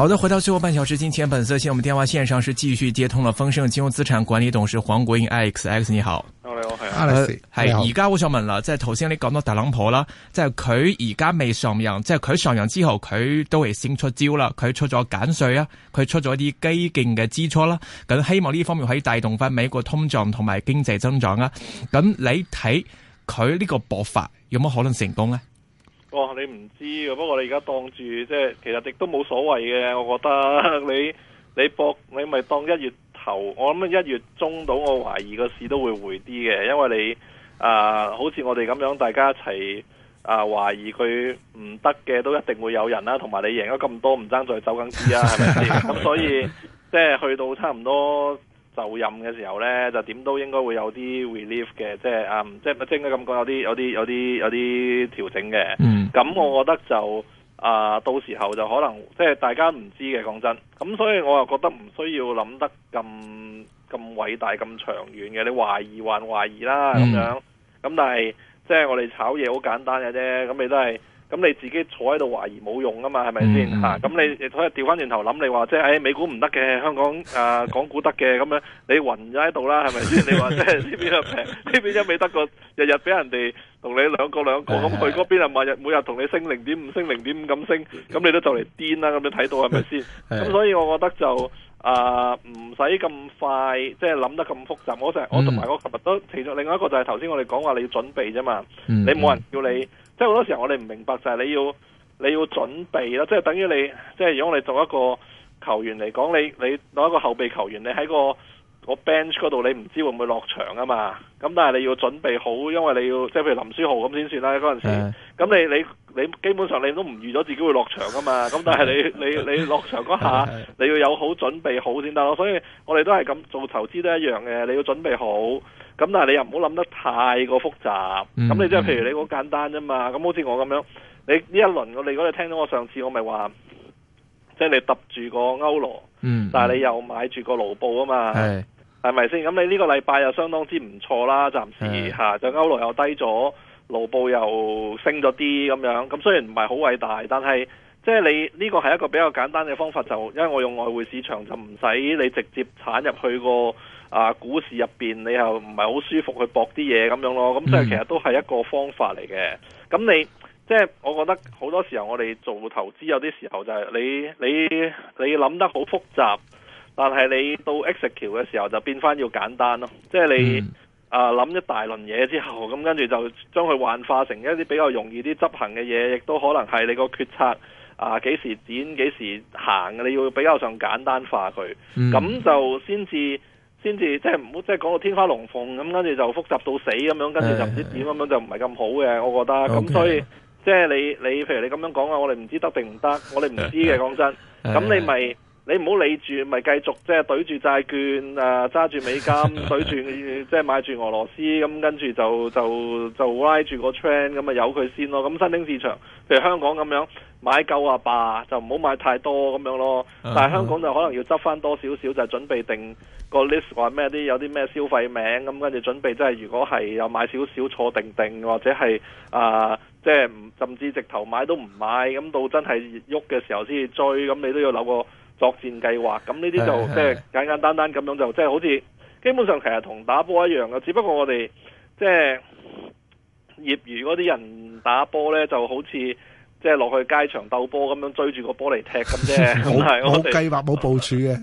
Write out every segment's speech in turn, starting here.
好的，回到最後半小時金錢本色先，我們電話線上是繼續接通了豐盛金融資產管理董事黃國英 Alex，你好。我係我係，Alex，係。而家我想問啦，即係頭先你講到特朗普啦，即係佢而家未上任，即係佢上任之後他，佢都係先出招啦，佢出咗減稅啊，佢出咗一啲基建嘅支出啦，咁希望呢方面可以帶動翻美國通脹同埋經濟增長啊。咁你睇佢呢個搏法有冇可能成功咧，啊？哦，你唔知㗎，不過你而家當住，即係其實亦都冇所謂嘅。我覺得你你博你咪當一月頭，我諗一月中到，我懷疑個市都會回啲嘅，因為你啊、呃，好似我哋咁樣，大家一齊啊懷疑佢唔得嘅，都一定會有人啦。同埋你贏咗咁多，唔爭再走緊啲啊，係咪先？咁所以即係去到差唔多，就任嘅時候呢，就點都應該會有啲 relief 嘅，即係啊，即係即係應該咁講，有啲有啲有啲有啲調整嘅。嗯，咁、嗯、我覺得就啊、呃，到時候就可能即係大家唔知嘅，講真。咁所以我又覺得唔需要諗得咁咁偉大、咁長遠嘅。你懷疑還懷疑啦，咁、嗯、樣。咁但係即係我哋炒嘢好簡單嘅啫，咁你都係。咁你自己坐喺度懷疑冇用啊嘛，係咪先？咁你亦可以調翻轉頭諗，你話即係美股唔得嘅，香港誒、呃、港股得嘅咁樣，你暈咗喺度啦，係咪先？你話即係呢邊又平，呢邊一味得過日日俾人哋同你兩個兩個咁，佢嗰、嗯、邊又日每日同你升零點五，升零點五咁升，咁你都就嚟癲啦咁樣睇到係咪先？咁、嗯、所以我覺得就啊唔使咁快，即係諗得咁複雜。我成日我同埋我琴日都，其實、嗯、另外一個就係頭先我哋講話你要準備啫嘛，嗯、你冇人叫你。即係好多時候，我哋唔明白就係你要你要準備啦，即係等於你即係如果你做一個球員嚟講，你你攞一個後備球員，你喺個,個 bench 嗰度，你唔知會唔會落場啊嘛。咁但係你要準備好，因為你要即係譬如林書豪咁先算啦嗰陣時。咁你你你,你基本上你都唔預咗自己會落場啊嘛。咁但係你你你落場嗰下，你要有好準備好先得咯。所以我哋都係咁做投資都一樣嘅，你要準備好。咁但係你又唔好諗得太過複雜，咁、嗯、你即、就、係、是、譬如你好簡單啫嘛，咁、嗯、好似我咁樣，你呢一輪我你嗰日聽到我上次我咪話，即、就、係、是、你揼住個歐羅，嗯、但係你又買住個盧布啊嘛，係咪先？咁你呢個禮拜又相當之唔錯啦，暫時、嗯啊、就歐羅又低咗，盧布又升咗啲咁樣，咁雖然唔係好偉大，但係即係你呢個係一個比較簡單嘅方法，就因為我用外匯市場就唔使你直接闖入去個。啊，股市入面你又唔係好舒服去搏啲嘢咁樣咯，咁即係其實都係一個方法嚟嘅。咁、嗯、你即係、就是、我覺得好多時候我哋做投資有啲時候就係你你你諗得好複雜，但係你到 execute 嘅時候就變翻要簡單咯。即、就、係、是、你、嗯、啊諗一大輪嘢之後，咁跟住就將佢幻化成一啲比較容易啲執行嘅嘢，亦都可能係你個決策啊幾時展幾時行，你要比較上簡單化佢，咁、嗯、就先至。先至即係唔好，即係講到天花龍鳳咁，跟住就複雜到死咁的樣，跟住的就唔知點咁樣，就唔係咁好嘅，我覺得。咁 Okay. 所以即係你你，譬如你咁樣講啊，我哋唔知得定唔得，我哋唔知嘅，講的的真。咁的你咪。你唔好理住，咪繼續即係、就是、對住債券啊，揸住美金， 對住即係買住俄羅斯咁，跟、嗯、住就就就拉住個 trend，咁、嗯、咪由佢先咯。咁、嗯、新興市場，譬如香港咁樣買夠啊吧就唔好買太多咁樣咯。但係香港就可能要執翻多少少，就是、準備定個 list 話咩啲有啲咩消費名咁，跟、嗯、住準備即係、就是、如果係有買少少坐定定，或者係啊即係甚至直頭買都唔買，咁、嗯、到真係喐嘅時候先至追，咁、嗯、你都要留個作戰計劃，咁呢啲就即係簡簡單單咁樣就即係好似基本上其實同打波一樣嘅，只不過我哋即係業餘嗰啲人打波呢，就好似即係落去街場鬥波咁樣追住個波嚟踢咁啫，冇冇 冇計劃冇部署嘅，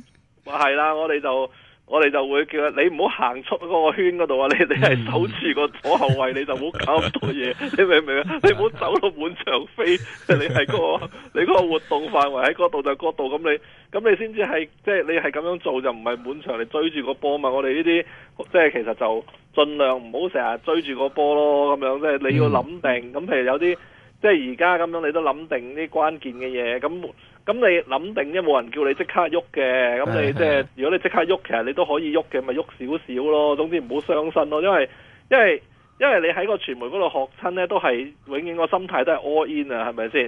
話係啦，我哋就。我哋就會叫你唔好行出嗰個圈嗰度啊！你你係守住個左後衛，你就唔好搞咁多嘢，你明唔明啊？你唔好走到滿場飛，你係，嗰個你嗰個活動範圍喺嗰度就嗰度，咁你咁你先至係即係你係咁樣做就唔係滿場嚟追住個波嘛！我哋呢啲即係其實就盡量唔好成日追住個波咯，咁樣即係、即係、你要諗定。咁譬如有啲即係而家咁樣，你都諗定啲關鍵嘅嘢咁。咁你諗定一冇人叫你即刻喐嘅。咁你即係，係係係，如果你即刻喐，其實你都可以喐嘅，咪喐少少咯。總之唔好傷身咯，因為因為因為你喺個傳媒嗰度學親呢，都係永遠個心態都係 all in 啊，係咪先？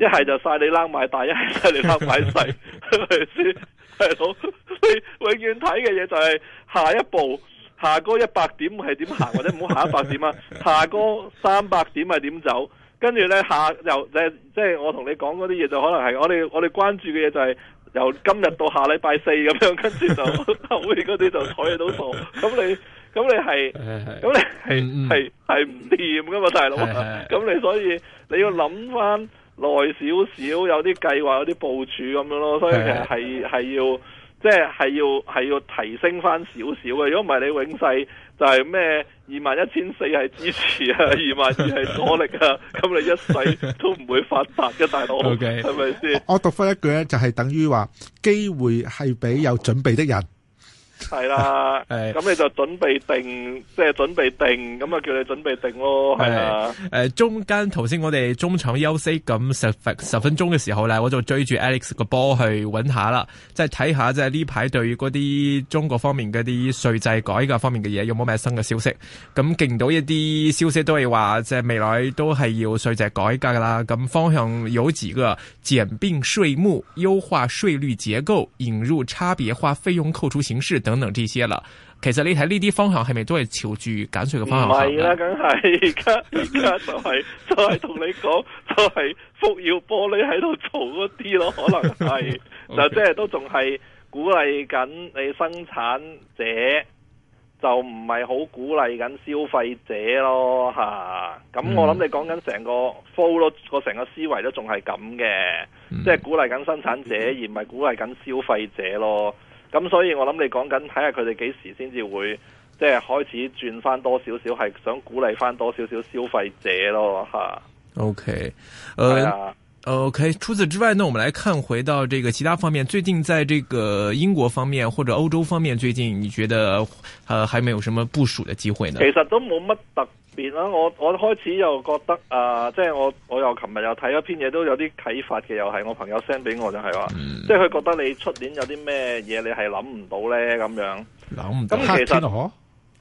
一係就晒你冷買大，一係晒你冷買細，係咪先？係咯，你永遠睇嘅嘢就係下一步，下個一百點係點行，或者唔好下一百點啊，下個三百點係點走？跟住咧，下由即係即係我同你講嗰啲嘢就可能係我哋我哋關注嘅嘢就係、是、由今日到下禮拜四咁樣，跟住就 後尾嗰啲就睇到數。咁你咁你係，咁是你係係係唔掂噶嘛，大佬。咁你所以你要諗翻耐少少，有啲計劃，有啲部署咁樣咯。所以其實係係是是是 要即係係要係要提升翻少少嘅，如果唔係你永世。就係咩？二萬一千四係支持啊，二萬二係阻力啊，咁 你一世都唔會發達嘅、啊，大佬，ok 係咪先？Okay. 是是我讀翻一句咧，就係等於話機會係俾有準備的人。係啦，誒，咁你就準備定，即係準備定，咁啊叫你準備定咯，係啊。誒、呃，中間頭先我哋中場休息咁十十分鐘嘅時候咧，我就追住 Alex 個波去揾下啦，即係睇下即係呢排對嗰啲中國方面嗰啲稅制改革方面嘅嘢有冇咩新嘅消息。咁勁到一啲消息都係話，即係未來都係要稅制改革噶啦。咁方向有幾個簡併稅目、優化稅率結構、引入差別化費用扣除形式等。等等啲些啦，其實你睇呢啲方向係咪都係朝住減稅嘅方向行咧？係啦，梗係而家而家就係、是、 就係同你講，就係福耀玻璃喺度嘈一啲咯，可能係， Okay. 就即係都仲係鼓勵緊你生產者，就唔係好鼓勵緊消費者咯吓。咁、啊、我諗你講緊成個 flow 咯，個成個思維都仲係咁嘅，即係 鼓勵緊生產者而唔係鼓勵緊消費者咯。咁所以我，我諗你講緊睇下佢哋幾時先至會，即係開始轉翻多少少，係想鼓勵翻多少少消費者咯吓 OK，係啊。OK，除此之外，呢，我們來看回到這個其他方面。最近在這個英國方面或者歐洲方面，最近你覺得，呃，還沒有什麼部署的機會呢？其實都冇乜特別啦。我我開始又覺得啊、呃，即係我我又琴日又睇一篇嘢，都有啲啟發嘅。又係我朋友 send 俾我，就是，就係話，即係佢覺得你出年有啲咩嘢，你係諗唔到呢？咁樣。諗唔到。其實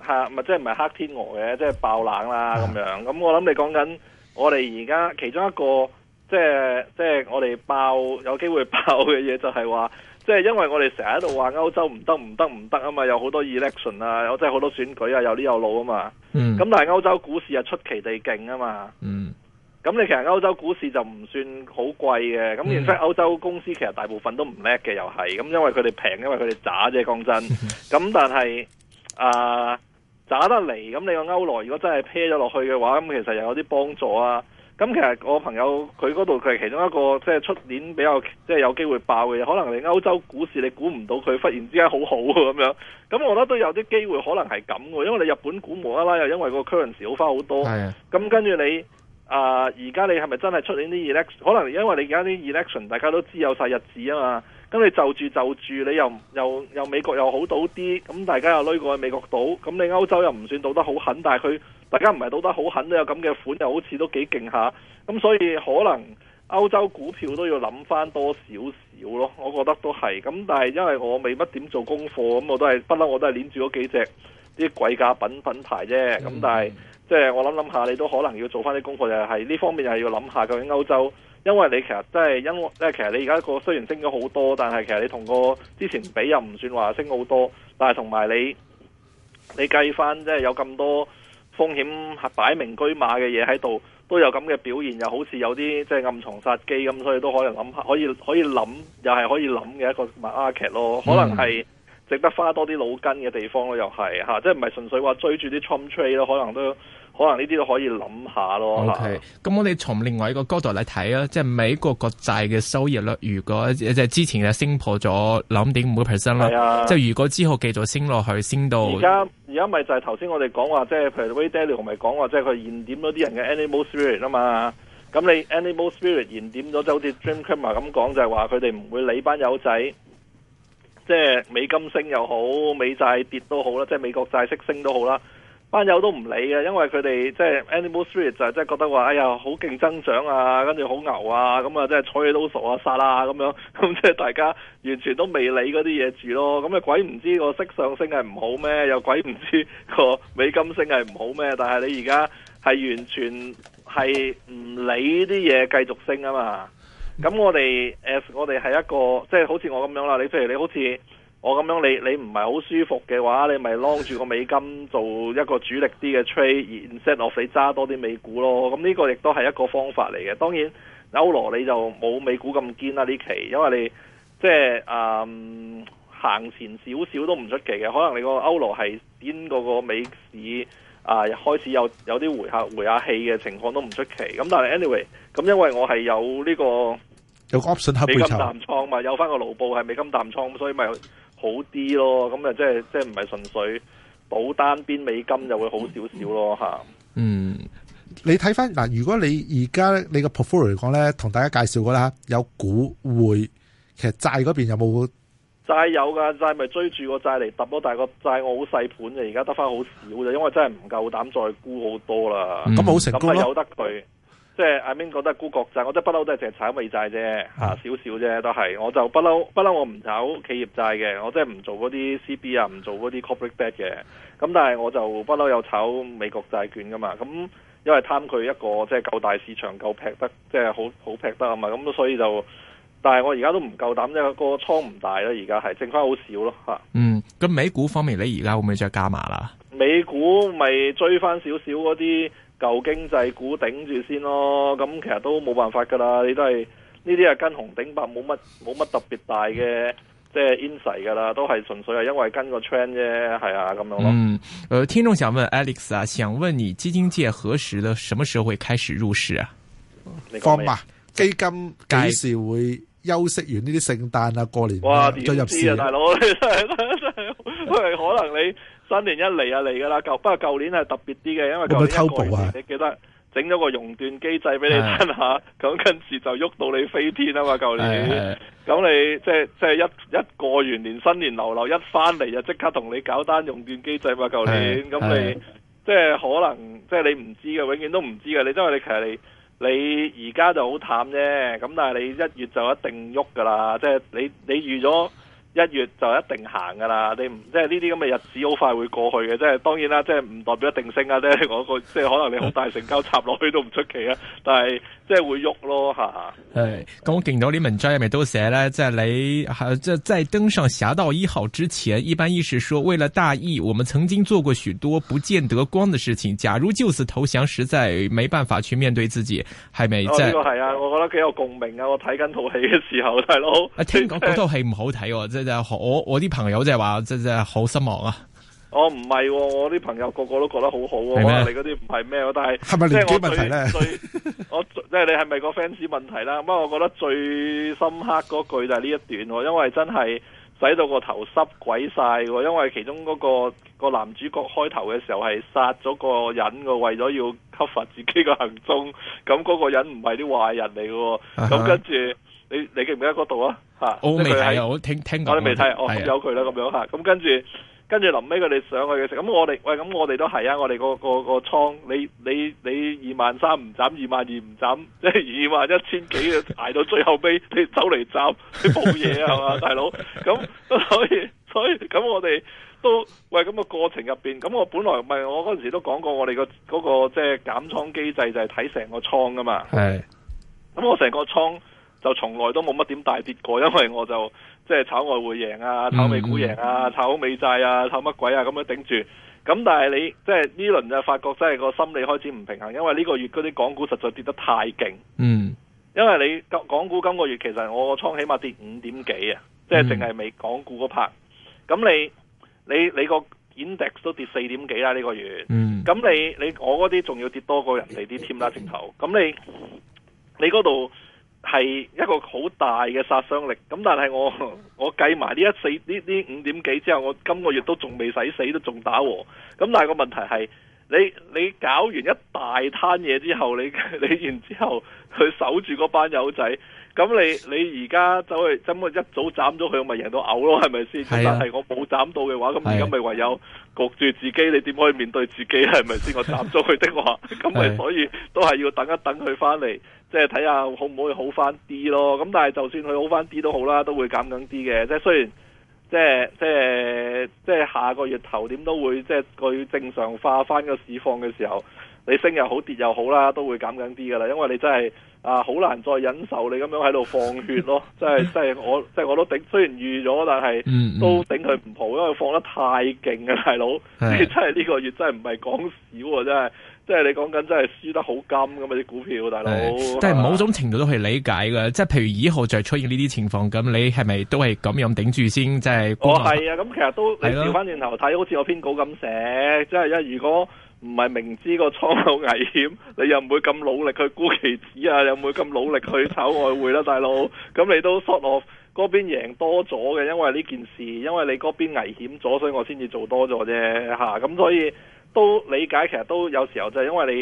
吓，咪即係唔係黑天鵝嘅，即係爆冷啦咁樣。咁的、嗯、我諗你講緊我哋而家其中一個。即係即係我哋爆有機會爆嘅嘢，就係話，即係因為我哋成日喺度話歐洲唔得唔得唔得啊嘛，有好多 election 啊，有即係好多選舉啊，有啲有路啊嘛。咁、嗯、但係歐洲股市又出奇地勁啊嘛。咁你、嗯、其實歐洲股市就唔算好貴嘅，咁然之後歐洲公司其實大部分都唔叻嘅，又係咁，因為佢哋平，因為佢哋渣啫，講真。咁但係啊，渣、呃、得嚟，咁你個歐羅如果真係 peg 咗落去嘅話，咁其實又有啲幫助啊。咁其實我朋友佢嗰度，佢係其中一個即係出年比較即係、就是、有機會爆嘅，可能你歐洲股市你估唔到佢忽然之間好好咁樣，咁我覺得都有啲機會可能係咁嘅，因為你日本股無啦啦又因為個 currency 好返好多，咁的跟住你啊而家你係咪真係出年啲 election？可能因為你而家啲 election 大家都知有晒日子啊嘛，咁你就住就住，你又又又美國又好賭啲，咁大家又趨過去美國賭，咁你歐洲又唔算賭得好狠，但係佢。大家唔係賭得好狠都有咁嘅款，又好似都幾勁下。咁所以可能歐洲股票都要諗翻多少少咯。我覺得都係。咁但係因為我未乜點做功課，咁我都係不嬲，我都係捻住嗰幾隻啲貴價品品牌啫。咁但係即係我諗諗下，你都可能要做翻啲功課、就是，就係呢方面，就係要諗下究竟歐洲，因為你其實真係因咧，其實你而家個雖然升咗好多，但係其實你同個之前比又唔算話升好多，但係同埋你你計翻即係有咁多。風險擺明車馬嘅嘢喺度，都有咁嘅表現，又好似有啲即係暗藏殺機咁，所以都可能諗可以可以諗，又係可以諗嘅一個 market 咯，可能係值得花多啲腦筋嘅地方咯，又係嚇、啊，即係唔係純粹話追住啲 trump trade 咯，可能都。可能呢啲都可以諗下咯。OK，咁我哋從另外一個角度嚟睇啊，即係美國國債嘅收益率，如果即係之前係升破咗兩點五個 percent 啦，即係、啊、如果之後繼續升落去，升到而家而家咪就係頭先我哋講話，即係譬如 Ray Dalio 同埋講話，即係佢燃點咗啲人嘅 Animal Spirit 啦嘛。咁你 Animal Spirit 燃點咗，即係好似 Jim Cramer 咁講，就係話佢哋唔會理班友仔，即係美金升又好，美債跌都好啦，即係美國債息升都好啦。班友都唔理嘅，因為佢哋即係 Animal Spirit 就係即係覺得話哎呀好勁增長啊，跟住好牛啊，咁啊即係坐嘢都傻啊殺啦咁樣，咁即係大家完全都未理嗰啲嘢住咯，咁啊鬼唔知個息上升係唔好咩，又鬼唔知個美金升係唔好咩，但係你而家係完全係唔理啲嘢繼續升啊嘛，咁我哋 S 我哋係一個即係、就是、好似我咁樣啦，你譬如你好似。我咁樣你你唔係好舒服嘅話，你咪 long 住個美金做一個主力啲嘅 trade，而 set 落嚟揸多啲美股咯。咁、嗯、呢、這個亦都係一個方法嚟嘅。當然歐羅你就冇美股咁堅啦呢期，因為你即係、嗯、行前少少都唔出奇嘅。可能你個歐羅係癲過個美市啊、呃、開始有有啲回下回下氣嘅情況都唔出奇。咁、嗯、但係 anyway，咁、嗯、因為我係有呢、這個有 option 喺美金淡倉嘛，有翻個盧布係美金淡倉，所以咪。好啲咯，咁啊即係即係唔係純粹保單邊美金就會好少少咯吓。嗯，嗯，你睇翻嗱，如果你而家咧你個 portfolio 嚟講咧，同大家介紹過啦，有股會。其實債嗰邊有冇債有噶債咪追住個債嚟揼咯，但個債我好細盤嘅，而家得翻好少啫，因為真係唔夠膽再沽好多啦。咁咪好成功，由得佢。即係阿明覺得沽國債，我真係、啊、不嬲都係凈係炒美債啫，少少啫都係。我就不嬲不嬲我唔炒企業債嘅，我真係唔做嗰啲 C B 啊，唔做嗰啲 Corporate Debt 嘅。咁但係我就不嬲有炒美國債券噶嘛。咁因為貪佢一個即係、就是、夠大市場，夠劈得即係好好劈得啊嘛。咁所以就，但係我而家都唔夠膽，即係個倉唔大啦。而家係剩翻好少咯、啊、嗯，咁美股方面你而家會唔會再加埋啦？美股咪追翻少少嗰啲。舊經濟股頂住先咯，咁其實都冇辦法噶啦，你都係呢啲係跟紅頂白冇乜冇乜特別大嘅即係 in 噶啦，都係純粹係因為跟個 trend 啫，係啊咁樣咯。嗯，誒、呃，聽眾想問 Alex 啊，想問你基金界何時咧，什麼時候會開始入市啊？你方啊，基金幾時會休息完呢啲聖誕啊過年哇啊再入市啊？大佬，你真係真係，可能你。 新年一嚟啊嚟噶啦，舊不過舊年係特別啲嘅，因為舊年過年你記得整咗個熔斷機制俾你翻下，咁跟住就喐到你飛天啊嘛，舊年。咁的你即係即係一一過完年新年流流一翻嚟就即刻同你搞單熔斷機制嘛，舊年。咁的你即係、就是、可能即係、就是、你唔知嘅，永遠都唔知嘅。你因為你其實你，你而家就好淡啫，咁但係你一月就一定喐噶啦，即、就、係、是、你你預咗。一月就一定行噶啦，你唔即係呢啲咁嘅日子好快會過去嘅，即係當然啦，即係唔代表一定升啊！即係個即係可能你好大成交插落去都唔出奇啊，但係即係會喐咯吓。係咁，我見到啲文章入面都寫咧，即係、嗯、你即係即係登上俠盜一號之前，一般意思說，為了大義，我們曾經做過許多不見得光的事情。假如就此投降，實在沒辦法去面對自己，係咪即係？呢、嗯這個係啊，我覺得幾有共鳴啊！我睇緊套戲嘅時候，大佬，嗯、聽講嗰套戲唔好睇啫、哦。我我啲朋友就話即係即係好失望啊！哦哦、我唔係我啲朋友個個都覺得好好、哦，喎嗎。你嗰啲唔係咩，但係係咪年紀問題咧？我即係 你係咪個 fans 問題啦？不過我覺得最深刻嗰句就係呢一段，因為真係使到個頭濕鬼晒。因為其中嗰、嗰個、嗰個男主角開頭嘅時候係殺咗個人，我為咗要 cover 自己個行蹤。咁嗰個人唔係啲壞人嚟嘅，咁 跟住。 你你記唔記得嗰度啊？吓、哦，我未睇，我聽聽講。我未睇，我、哦、係有佢啦，咁樣吓。咁跟住跟住臨尾佢哋上去嘅時，咁我哋喂咁我哋都係啊！我哋、嗰個、嗰個、嗰個倉，你你你二萬三唔斬，二萬二唔斬，即係二萬一千幾挨到最後尾，你走嚟斬，你冇嘢係嘛，大佬？咁所以所以咁我哋都喂咁、嗰個過程入邊，咁我本來唔係我嗰陣時都講過，我哋、嗰個嗰、嗰個即係減倉機制就係睇成個倉噶嘛。係係，咁我成個倉。就從來都冇乜點大跌過，因為我就即係、就是、炒外匯贏啊，炒美股贏啊，、嗯嗯、啊，炒美債啊，炒乜鬼啊咁樣頂住。咁但係你即係呢輪就發覺真係個心理開始唔平衡，因為呢個月嗰啲港股實在跌得太勁。嗯，因為你港股今個月其實我個倉起碼跌五點幾啊，即係淨係未港股嗰 part 咁你你你個 index 都跌四點幾啦呢個月。嗯。咁你你我嗰啲仲要跌多過人哋啲添啦直頭。咁你你嗰度。係一個好大嘅殺傷力，咁但係我我計埋呢一四呢呢五點幾之後，我今個月都仲未使死，都仲打和。咁但係個問題係，你你搞完一大攤嘢之後，你你然之後去守住嗰班友仔，咁你你而家走去，咁我一早斬咗佢，咪贏到嘔咯？係咪先？啊、但係我冇斬到嘅話，咁而家咪唯有焗住自己，啊、你點可以面對自己？係咪先？啊、我斬咗佢的話，咁咪、啊、所以、啊、都係要等一等佢返嚟。即係睇下好唔好去好翻啲咯，咁但係就算佢好翻啲都好啦，都會減緊啲嘅。即係雖然，即係即係即係下個月頭點都會即係佢正常化翻個市況嘅時候，你升又好跌又好啦，都會減緊啲噶啦。因為你真係啊，好難再忍受你咁樣喺度放血咯。 即係即係我即係我都頂，雖然預咗，但係都頂佢唔好！因為放得太勁㗎大佬！即係呢個月真係唔係講少啊，真係。即係你講緊，真係輸得好金咁啲股票，的大佬哥，但係某種程度都可以理解㗎。即係的譬如以後再出現呢啲情況，咁你係咪都係咁樣頂住先？即係我係啊！咁、哦、其實都你調翻轉頭睇，的好似我篇稿咁寫，即係一如果唔係明知個倉有危險，你又唔會咁努力去沽期指啊，又唔會咁努力去炒外匯啦， 大佬。咁你都 short 我嗰邊贏多咗嘅，因為呢件事，因為你嗰邊危險咗，所以我先至做多咗啫吓，咁、啊、所以。都理解，其實都有時候就係，因為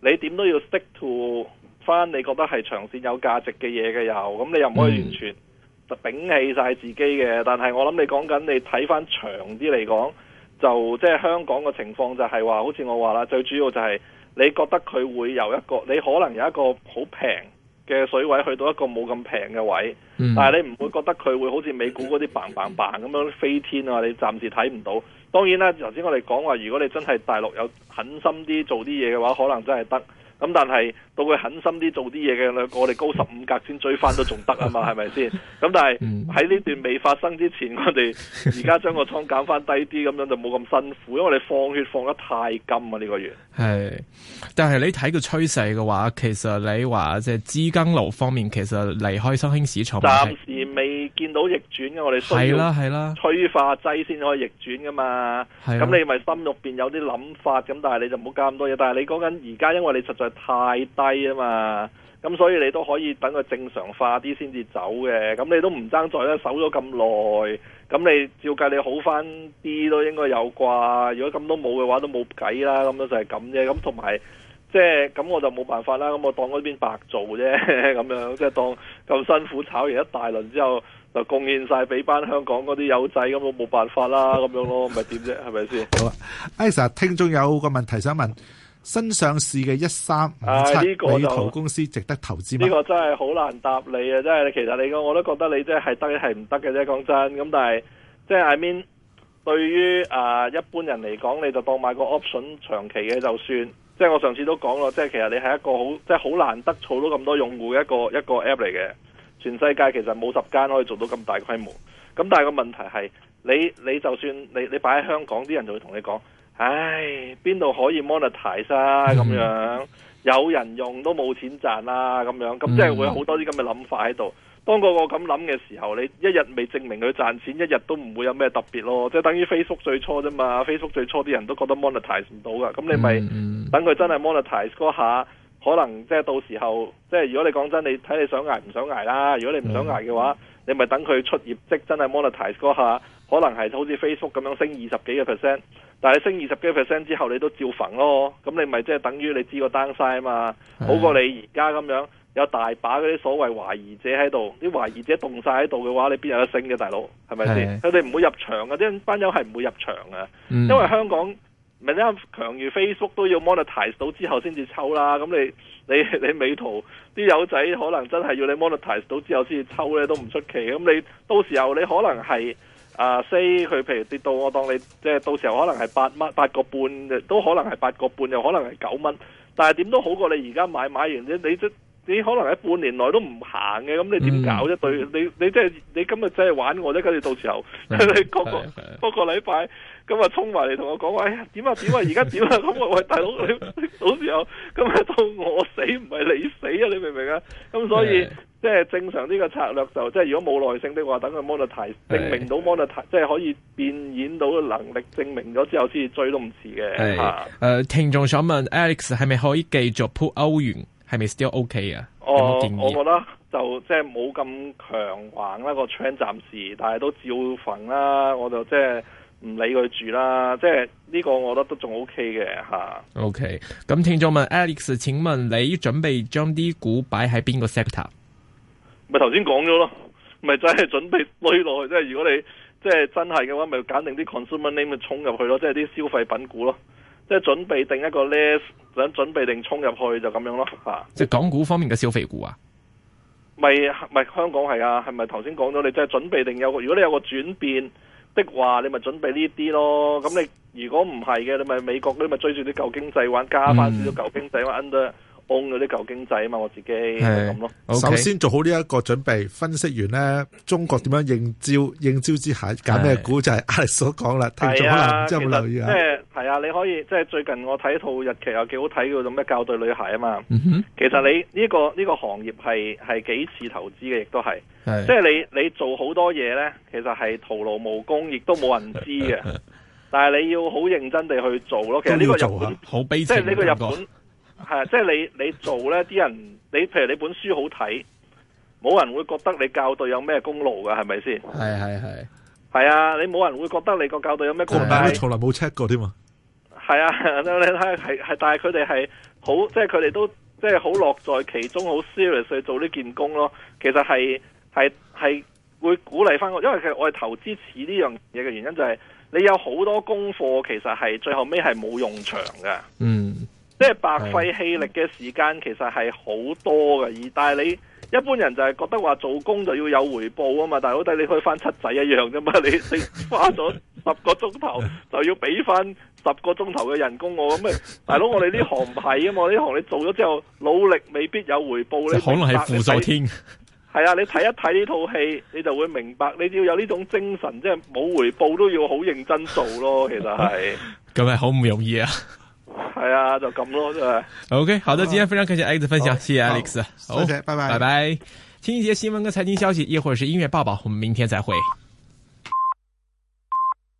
你你點都要 stick to 翻你覺得係長線有價值嘅嘢嘅又，咁你又唔可以完全就摒棄晒自己嘅。嗯、但係我諗你講緊你睇翻長啲嚟講，就即係、就是、香港個情況就係、是、話，好似我話啦，最主要就係你覺得佢會由一個，你可能由一個好平嘅水位去到一個冇咁平嘅位，嗯、但係你唔會覺得佢會好似美股嗰啲棒棒棒咁樣飛天啊！你暫時睇唔到。當然啦，頭先我哋講話，如果你真係大陸有狠心啲做啲嘢嘅話，可能真係得。咁但係，到佢狠心啲做啲嘢嘅咧，我哋高十五格先追翻都仲得啊嘛，係咪先？咁但係喺呢段未發生之前，我哋而家將個倉減翻低啲，咁樣就冇咁辛苦，因為你放血放得太急啊！呢、呢個月係，但係你睇個趨勢嘅話，其實你話即係資金流方面，其實離開新興市場，暫時未見到逆轉嘅。我哋係啦係啦，需要催化劑先可以逆轉㗎嘛。咁、啊啊、你咪心入邊有啲諗法，咁但係你就冇加咁多嘢。但係你講緊而家，因為你實在太低。啊嘛，咁 所以你都可以等佢正常化啲先至走嘅，咁你都唔爭在啦，守咗咁耐，咁你照計你好翻啲都應該有啩，如果咁都冇嘅話都冇計啦，咁樣就係咁啫。咁同埋即係咁我就冇辦法啦，咁我當嗰邊白做啫，咁樣即係當咁辛苦炒完一大輪之後就貢獻晒俾班香港嗰啲友仔，咁我冇辦法啦，咁樣咯，咪點啫，係咪先？好啊 Alex，聽眾有個問題想問。新上市嘅一三五七美圖公司值得投資嗎？呢個真係好難答你啊！真係，其實你講我都覺得你真係得係唔得嘅啫。講真，咁但係即係 I mean，對於啊、呃、一般人嚟講，你就當買個 option 長期嘅就算。即係我上次都講咯，即係其實你係一個好即係好難得儲到咁多用戶嘅一個一個 app 嚟嘅。全世界其實冇十間可以做到咁大規模。咁但係個問題係你你就算你你擺喺香港，啲人就會同你講。唉，邊度可以 monetize 啊？咁樣？Mm hmm. 有人用都冇錢賺啦，啊，咁樣咁即係會有好多啲咁嘅諗法喺度。Mm hmm. 當個個咁諗嘅時候，你一日未證明佢賺錢，一日都唔會有咩特別咯。即係等於 face、mm hmm. Facebook 最初啫嘛，Facebook 最初啲人都覺得 monetize 唔到噶。咁你咪等佢真係 monetize 嗰下，可能即係到時候，即係如果你講真，你睇你想挨唔想挨啦。如果你唔想挨嘅話，mm hmm. 你咪等佢出業績真係 monetize 嗰下。可能係好似 Facebook 咁樣升二十幾個 percent，但係升二十幾個 percent 之後你都照焚咯，咁你咪即係等於你知個 down 晒啊嘛，好過你而家咁樣有大把嗰啲所謂懷疑者喺度，啲懷疑者動晒喺度嘅話，你邊有得升嘅、啊、大佬？係咪先？佢哋唔會入場嘅，啲班友係唔會入場嘅，嗯、因為香港咪係啱強如 Facebook 都要 m o n e t i z e 到之後先至抽啦。咁你你你美圖啲友仔可能真係要你 m o n e t i z e 到之後先至抽咧，都唔出奇。咁你到時候你可能係。啊，四佢譬如跌到，我當你即係到時候可能係八蚊，八個半都可能係八個半，又可能係九蚊。但係點都好過你而家買買完啫，你你可能喺半年內都唔行嘅，咁你點搞啫？Mm hmm. 對，你你即係你，你今日真係玩我啫，跟住到時候嗰、mm hmm. 個嗰、mm hmm. 個禮、mm hmm. 拜咁啊衝埋嚟同我講話，哎呀點啊點啊，而家點啊？咁我 喂，大佬，你 到時候今日到我死唔係你死啊？你明唔明啊？咁所以。Mm hmm. 即係正常呢個策略就即係，如果冇耐性的話，等佢 monetize 證明到 monetize< 是>，即係可以變演到嘅能力證明咗之後，先至追都唔遲嘅嚇。誒、呃，聽眾想問、啊、Alex 係咪可以繼續 put 歐元係咪 still O、okay、K 啊？我我覺得就即係冇咁強橫啦，個 trend 暫時，但係都照瞓啦。我就即係唔理佢住啦。即係呢個，我覺得都仲 O K 嘅嚇。O K，咁聽眾問 Alex，請問你準備將啲股擺喺邊個 sector？咪頭先講咗咯咪就係準備堆落去，即係如果你即係真係嘅話，咪揀定啲 consumer name 咪衝入去咯即係啲消費品股咯即係準備定一個 list，想準備定衝入去就咁樣咯吓、啊。即係港股方面嘅消費股啊？咪咪香港係啊，係咪頭先講咗？你即係準備定有個，如果你有個轉變的話，你咪準備呢啲咯咁你如果唔係嘅，你咪美國嗰啲咪追住啲舊經濟玩，加翻少少舊經濟玩多。嗯 Under, 崩嗰啲舊經濟啊嘛，我自己係咁咯。首先做好呢一個準備，分析完咧，中國點樣應招？應招之下揀咩股就係 Alex 所講啦。係啊，即係，係啊，你可以即係最近我睇套日劇又幾好睇，叫做咩？教隊女孩啊嘛。其實你呢個呢個行業係係幾次投資嘅，亦都係。即係你你做好多嘢咧，其實係徒勞無功，亦都冇人知嘅。但係你要好認真地去做咯。其實呢個日本好悲係、 啊，即係你你做咧，啲人你譬如，你本書好睇，冇人會覺得你校對有咩功勞噶，係咪先？係係係，係啊，你冇人會覺得你個校對有咩功勞？我從來冇 check 過添嘛。係啊，係係、啊，但係佢哋係好，即係佢哋都即係好樂在其中，好 serious 去做呢件工咯。其實係係係會鼓勵翻我，因為其實我係投資此呢樣嘢嘅原因就係、是、你有好多功課，其實係最後尾係冇用場嘅。嗯。即係白費氣力嘅時間，其實係好多嘅。而但係你一般人就係覺得話做工就要有回報啊嘛。大佬，但係你去翻七仔一樣啫嘛。你花咗十個鐘頭就要俾翻十個鐘頭嘅人工我咁啊？ 大佬，我哋呢行唔係啊嘛？呢行你做咗之後，努力未必有回報。可能係負數添。係啊，你睇一睇呢套戲，你就會明白。你要有呢種精神，即係冇回報都要好認真做咯。其實係咁係好唔容易啊！係啊，就咁咯，真係。OK，好的，今天非常感謝 Alex 分享，哦、謝謝 Alex。好，拜拜，謝謝拜拜。聽一節新聞跟財經消息，亦或者是音樂播報，我們明天再會。